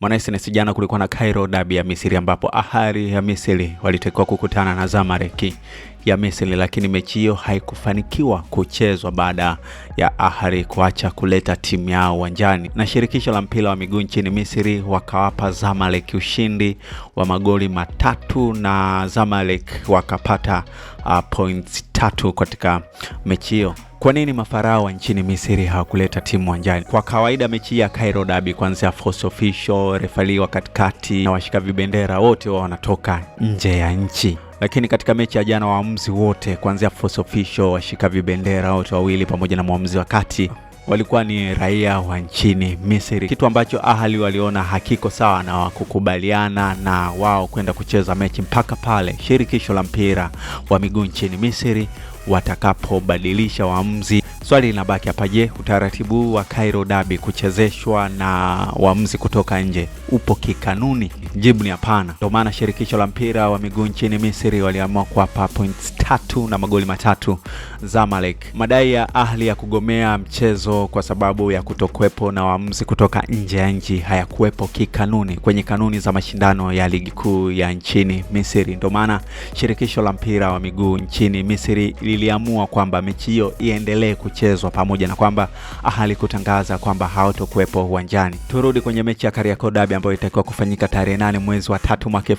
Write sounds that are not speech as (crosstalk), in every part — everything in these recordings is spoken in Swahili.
Mwanaesi jana kulikuwa na Cairo dabi ya Misri ambapo ahari ya Misri walitakiwa kukutana na zamareki ya Misri, lakini mechi hiyo haikufanikiwa kuchezwa baada ya ahari kuacha kuleta timu yao uwanjani, na shirikisho la mpira wa miguu nchini Misri wakawapa Zamalek ushindi wa magoli matatu na Zamalek wakapata uh, points tatu katika mechi hiyo. Kwa nini mafarao wa nchini Misri hawakuleta timu uwanjani? Kwa kawaida mechi ya Cairo Dabi, kuanzia force official, refali wa katikati na washika vibendera wote wao wanatoka nje ya nchi, lakini katika mechi ya jana waamuzi wote kuanzia force official, washika vibendera wote wawili pamoja na mwamuzi wa kati walikuwa ni raia wa nchini Misri, kitu ambacho Ahli waliona hakiko sawa na wakukubaliana na wao kwenda kucheza mechi mpaka pale shirikisho la mpira wa miguu nchini Misri watakapobadilisha waamuzi Swali linabaki hapa, je, utaratibu wa Cairo Derby kuchezeshwa na waamuzi kutoka nje upo kikanuni? Jibu ni hapana. Ndio maana shirikisho la mpira wa miguu nchini Misri waliamua kuwapa points tatu na magoli matatu Zamalek. Madai ya Ahli ya kugomea mchezo kwa sababu ya kutokuwepo na waamuzi kutoka nje ya nchi hayakuwepo kikanuni kwenye kanuni za mashindano ya ligi kuu ya nchini Misri. Ndio maana shirikisho la mpira wa miguu nchini Misri liliamua kwamba mechi hiyo iendelee kuchezwa pamoja na kwamba Ahali kutangaza kwamba hawatokuwepo uwanjani. Turudi kwenye mechi ya Kariakoo Derby ambayo itakiwa kufanyika tarehe nane mwezi wa tatu mwaka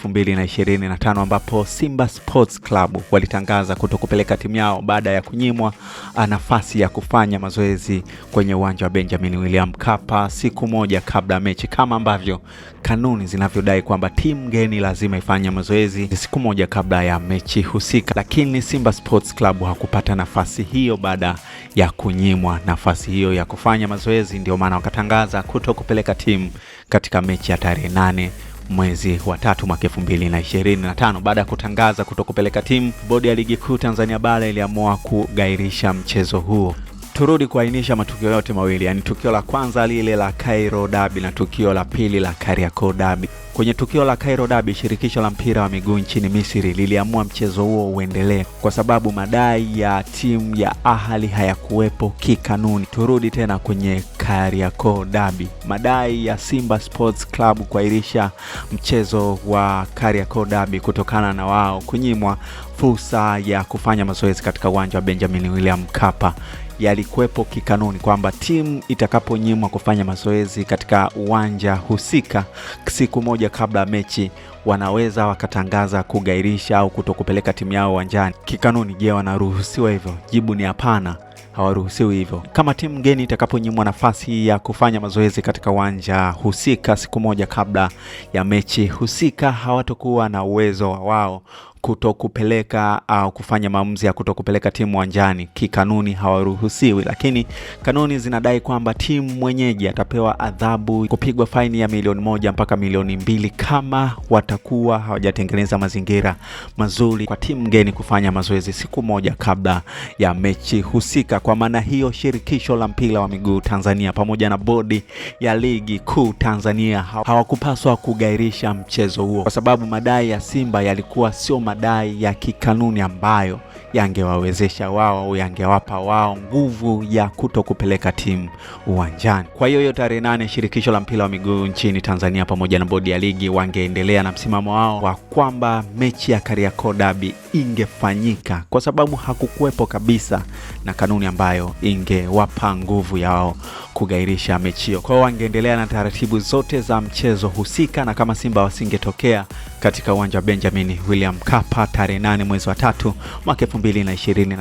tano ambapo Simba Sports Club walitangaza kutokupeleka timu yao baada ya kunyimwa ah, nafasi ya kufanya mazoezi kwenye uwanja wa Benjamin William Mkapa siku moja kabla ya mechi, kama ambavyo kanuni zinavyodai kwamba timu geni lazima ifanye mazoezi siku moja kabla ya mechi husika, lakini Simba Sports Club hakupata nafasi hiyo baada ya kunyimwa nafasi hiyo ya kufanya mazoezi, ndio maana wakatangaza kuto kupeleka timu katika mechi ya tarehe nane mwezi wa tatu mwaka elfu mbili na ishirini na tano. Baada ya kutangaza kuto kupeleka timu, bodi ya ligi kuu Tanzania bara iliamua kugairisha mchezo huo. Turudi kuainisha matukio yote mawili, yaani tukio la kwanza lile la Cairo Dabi na tukio la pili la Kariakoo Dabi. Kwenye tukio la Cairo Dabi, shirikisho la mpira wa miguu nchini Misri liliamua mchezo huo uendelee kwa sababu madai ya timu ya ahali hayakuwepo kikanuni. Turudi tena kwenye Kariakoo Dabi, Madai ya Simba Sports Club kuahirisha mchezo wa Kariakoo Dabi kutokana na wao kunyimwa fursa ya kufanya mazoezi katika uwanja wa Benjamin William Mkapa yalikuwepo kikanuni kwamba timu itakaponyimwa kufanya mazoezi katika uwanja husika siku moja kabla ya mechi wanaweza wakatangaza kugairisha au kutokupeleka timu yao uwanjani kikanuni. Je, wanaruhusiwa hivyo? Jibu ni hapana, hawaruhusiwi hivyo. Kama timu mgeni itakaponyimwa nafasi ya kufanya mazoezi katika uwanja husika siku moja kabla ya mechi husika, hawatokuwa na uwezo wao kutokupeleka au ah, kufanya maamuzi ya kutokupeleka timu uwanjani. Kikanuni hawaruhusiwi, lakini kanuni zinadai kwamba timu mwenyeji atapewa adhabu kupigwa faini ya milioni moja mpaka milioni mbili kama watakuwa hawajatengeneza mazingira mazuri kwa timu mgeni kufanya mazoezi siku moja kabla ya mechi husika. Kwa maana hiyo, shirikisho la mpira wa miguu Tanzania pamoja na bodi ya ligi kuu Tanzania hawakupaswa kugairisha mchezo huo kwa sababu madai ya Simba yalikuwa sio madai ya kikanuni ambayo yangewawezesha wao au yangewapa wao nguvu ya kuto kupeleka timu uwanjani. Kwa hiyo hiyo tarehe nane shirikisho la mpira wa miguu nchini Tanzania pamoja na bodi ya ligi wangeendelea na msimamo wao wa kwamba mechi ya Kariakoo Derby ingefanyika kwa sababu hakukuwepo kabisa na kanuni ambayo ingewapa nguvu ya wao kugairisha mechi hiyo. Kwa hiyo wangeendelea na taratibu zote za mchezo husika, na kama Simba wasingetokea katika uwanja wa Benjamin William Mkapa tarehe nane mwezi wa tatu mwaka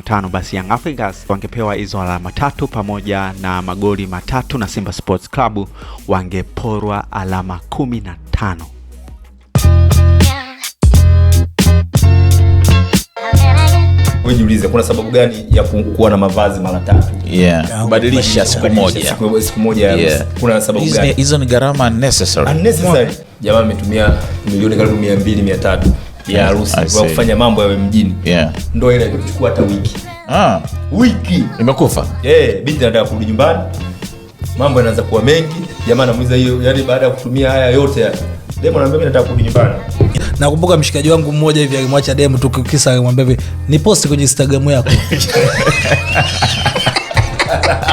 tano basi Young Africans wangepewa hizo alama tatu pamoja na magoli matatu na Simba Sports Club wangeporwa alama kumi na tano. Jiulize, kuna sababu gani ya kuwa na mavazi mara tatu? Yeah, kubadilisha siku moja, siku moja, kuna sababu gani? Hizo ni gharama unnecessary. Unnecessary jamaa ametumia milioni karibu mia mbili mia tatu ya harusi kwa kufanya mambo yawe mjini yeah. Ndo ile imechukua hata wiki ah. Wiki imekufa yeah, binti anataka kurudi nyumbani, mambo yanaanza kuwa mengi. Jamaa anamuuliza hiyo, yani baada ya kutumia haya yote ya demo, naambia nataka kurudi nyumbani. Nakumbuka mshikaji wangu mmoja hivi alimwacha demo tukikisa kisa, alimwambia hivi ni posti kwenye Instagram yako (laughs)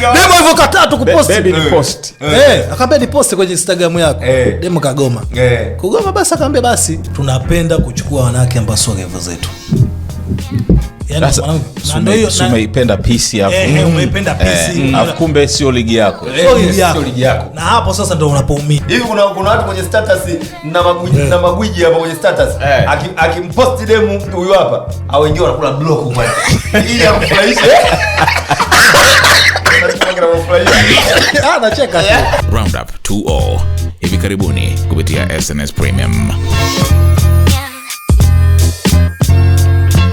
demo hivyo katatu tu kuposti, baby ni eh. post eh, eh akamwambia ni post kwenye Instagram yako eh. Demo kagoma eh. Kugoma basi, akamwambia basi, tunapenda kuchukua wanawake ambao sio revo zetu yaani umeipenda pisi hapo, eh, mm. umeipenda pisi mm. ah, kumbe sio ligi yako, Na hapo sasa ndo unapoumia hivi. Kuna watu kwenye status na magwiji na magwiji hapa kwenye status, akimpost demu huyu hapa, au wengine wanakula block ya ili amfurahishe (laughs) (laughs) Ah, nacheka. Roundup 2O hivi karibuni kupitia SNS Premium.